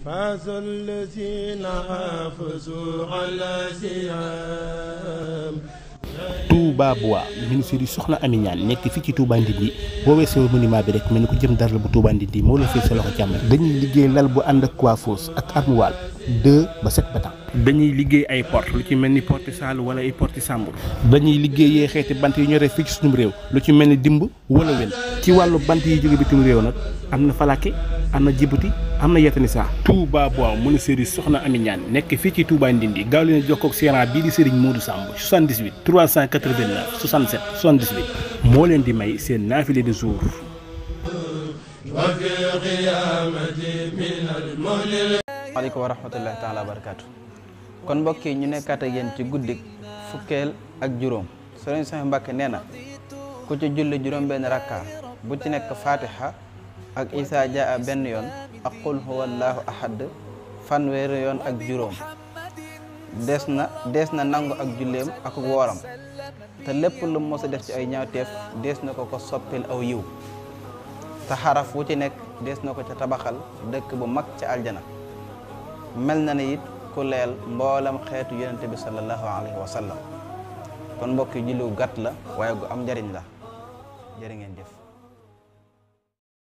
فاز الذين حافظوا على الصيام Touba Bois ministère yi soxna Ami Niane nekk fii ci Touba Ndindi boo weesoo monument bi rek mel ni ko jëm dara la bu Touba Ndindi moo la fee sa loxo càmm dañuy liggéey lal bu ànd ak coiffeuse ak armoire deux ba sept battant dañuy liggéey ay port lu ci mel ni porte saal wala ay porte sàmbur dañuy liggéeyee xeeti bant yu ñoree fii ci suñu réew lu ci mel ni dimb wala wel ci wàllu bant yi jóge bitim réew nag am na Falake am na Djibouti am na yettani saa Touba Bois mu ne Serigne Soxna Ami nekk fii ci Touba Ndindi gaaw leen jokkoog séeran bii di Serigne Modou Samb 78 389 67 78 moo leen di may seen naafile de jour waaleykum wa rahmatullahi taala wa barakaatu kon mbokk ñu nekkaat a gen ci guddik fukkeel ak juróom Serigne Soxna Mbàkke nee na ku ci julli juróom bu ci nekk fatiha ak isa jaa benn yoon ak qul huwallahu ahad fanweeri yoon ak juróom des na des na nangu ak julleem ak wooram te lépp lu mos def ci ay ñaawteef des na ko ko soppil aw yiw te xaraf wu ci nekk des na ko ca tabaxal dëkk bu mag ca aljana mel na ne it ku leel mboolam xeetu yonente bi sallallahu alayhi wa sallam kon mbokki julliw gàtt la waaye gu am njariñ la jërë ngeen jëf